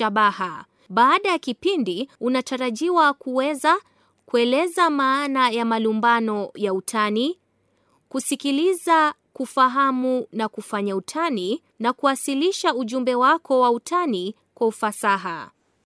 shabaha. Baada ya kipindi, unatarajiwa kuweza kueleza maana ya malumbano ya utani, kusikiliza, kufahamu na kufanya utani, na kuwasilisha ujumbe wako wa utani kwa ufasaha.